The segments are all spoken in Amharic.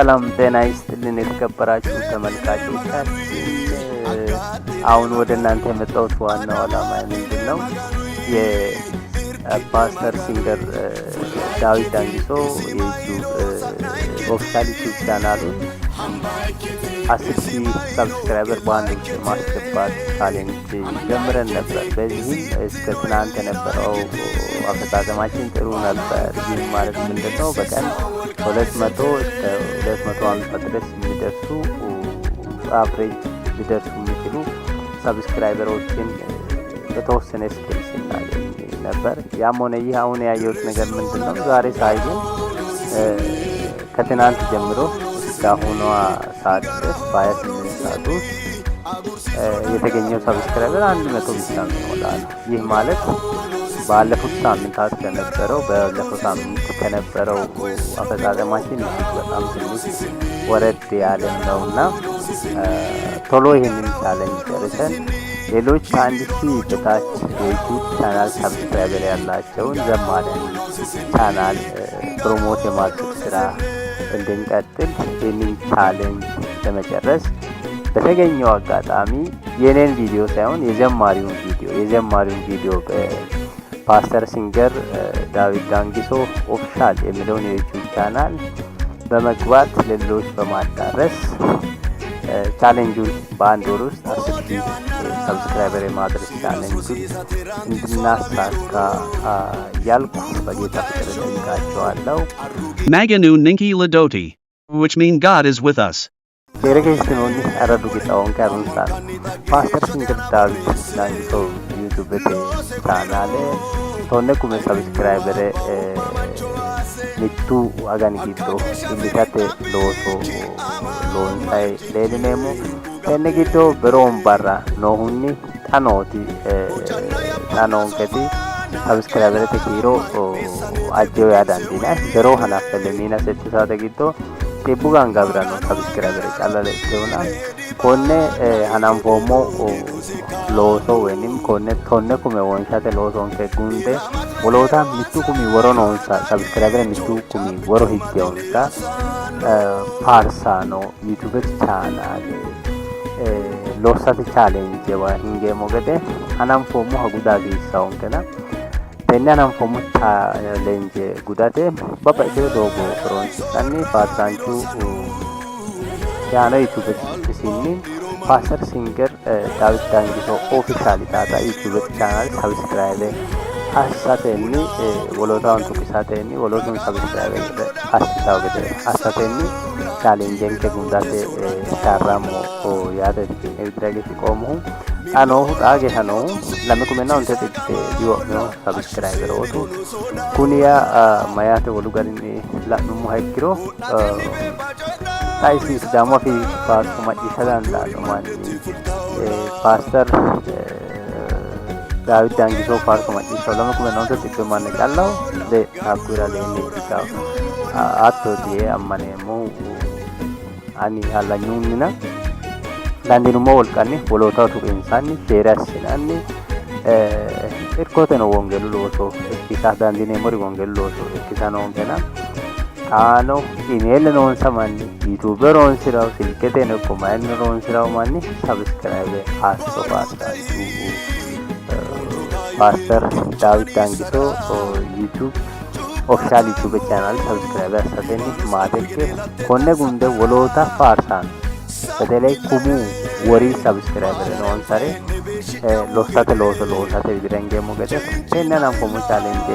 ሰላም ጤና ይስጥልን የተከበራችሁ ተመልካቾቻችን። አሁን ወደ እናንተ የመጣሁት ዋናው ዓላማ ምንድን ነው? የፓስተር ሲንገር ዳዊት ዳንጊሶ የዩቲዩብ ኦፊሻል ዩቲዩብ ቻናሉን አስር ሺህ ሰብስክራይበር በአንድ ጊዜ ማስገባት ቻሌንጅ ጀምረን ነበር። በዚህም እስከ ትናንት የነበረው አፈጻጸማችን ጥሩ ነበር። ይህ ማለት ምንድን ነው? በቀን ሁለት መቶ እስከ ሁለት መቶ አምስት ድረስ የሚደርሱ አፍሬጅ ሊደርሱ የሚችሉ ሰብስክራይበሮችን በተወሰነ ስክል ስናገኝ ነበር። ያም ሆነ ይህ አሁን ያየሁት ነገር ምንድን ነው? ዛሬ ሳይሆን ከትናንት ጀምሮ እስካሁኗ ሰዓት ድረስ በ28 ሰዓት ውስጥ የተገኘው ሰብስክራይበር አንድ መቶ ብቻ ይሞላል። ይህ ማለት ባለፉት ሳምንታት ከነበረው ባለፈው ሳምንት ከነበረው አፈጻጸማችን እጅግ በጣም ትንሽ ወረድ ያለን ነው እና ቶሎ ይህንን ቻለንጅ ጨርሰን ሌሎች ከአንድ ሺህ በታች የዩቱብ ቻናል ሰብስክራይበር ያላቸውን ዘማሪያን ቻናል ፕሮሞት የማድረግ ስራ እንድንቀጥል ይህንን ቻሌንጅ ለመጨረስ በተገኘው አጋጣሚ የኔን ቪዲዮ ሳይሆን የዘማሪውን ቪዲዮ የዘማሪውን ቪዲዮ በፓስተር ሲንገር ዳዊት ዳንጊሶ ኦፍሻል የሚለውን የዩቱብ ቻናል በመግባት ለሌሎች በማዳረስ ቻሌንጁን በአንድ ወር ውስጥ አስር ሺህ ሰብስክራይበር የማድረስ ቻሌንጁን እንድናሳካ እያልኩ በጌታ ፍቅር እጠይቃቸዋለሁ። ማገኑ ንንኪ ለዶቲ which mean God is with us. ዴሬጌሽኑን ረዱ ጌታውን ከሩንሳን ፓስተር ሲንግር ዳዊት ናንሶ ዩቱብ ቻናል ቶነ ኩመ ሰብስክራይበር ሚቱ አጋን ጊዶ የሚታተ ሎሶ loonsayi leellineemmo tenne giddo bero wombarra noohunni xa nooti xa noonketi sabiskiraaberete kiiro ajjeo yaa dandiinayi bero hanaffe lemmiina setti saate giddo xibbu gangawirano sabiskiraabeere calla lexxewona konne hananfoommo looso woynim konne tonne kume wonshate loosonke gunde woloota mittu kumi woro noonsa sabskiraibere mittu kumi woro higgeonsa faarsaano yutubete chaanaali lossate chaalenjewa hingeemmo gede hananfoommoha guda hasiissaonkena tenne hananfoommo chaalenje gudate babbaxxitewo doogo horonsi'nanni faarsaanchu ያለው ዩቲዩብ ብቅ ሲልኝ ፓስተር ሲንገር ዳዊት ዳንግሶ ኦፊሻል ታታ ዩቲዩብ ቻናል ሰብስክራይብ አሳተኒ ወሎታውን ቱቅ ወሎቱን ሰብስክራይብ አስታው ግደ አሳተኒ ቻሌንጅን ከጉንዳት ካራሞ ያደ ኤድራጌ ሲቆሙ አኖ ጣጌ ሀኖ ለምኩመና እንተ ጥት ዲዮ ነው ሰብስክራይብ ሮቱ ኩንያ ማያተ ወሉ ጋር ላኑሙ ሀይክሮ Ici, évidemment, il passe comme il fait dans la commande. Pasteur David Dangiso passe comme il fait dans la commande. Il commande Gallo, de Akura de Mexico. Ato de Amanemo, Ani Alanumina. దానినుమో వాళ్ళని పొలోతాటు ఇన్సాన్ని చేరేస్తున్నాన్ని ఎక్కువతను వంగెలు లోటు ఎక్కిసా దానినేమో వంగెలు లోటు ఎక్కిసాను వంగేనా Aano email noonsa manni yuutuube roonsirawu silketeno ikko mayinni roonsirawu manni sabiskraybe asso faassaatu ፓስተር ዳዊት ዳንጊሶ ዩቱብ ኦፊሻል ዩቱብ ቻናል ሰብስክራይብ ያሳተኒ ማተኬ ኮነ ጉንደ ወሎታ ፋርሳን በተለይ ኩሙ ወሪ ሰብስክራይበር ነውን ሰሬ ሎሳተ ሎሶ ሎሳተ ቢረንጌ ሞገደ ቴነናን ኮሙ ቻሌንጄ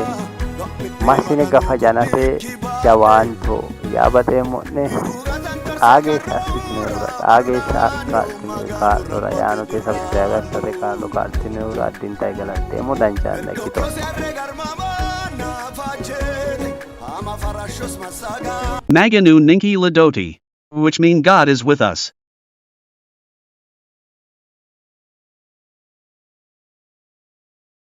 ማሲኔ ገፋ ጃናቴ जवान हो या बते मुन्ने आगे ಸಾಕ್ಷಿಸಿನವರ ಆಗೆ ಸಾಕ್ಷಿಸಿನವರ ಯಾನುಕೆ ಸಂಸ್ಥೆಯ ಅಗತ್ಯತೆ ಕಾಲು ಕಾಡ್ತಿನವರ ಅಡ್ಡಿಂತಾಗಲಂತೆ ಮುದಂಚ ಅಂದಕ್ಕಿತು Maganu Ninki Ladoti, which mean God is with us.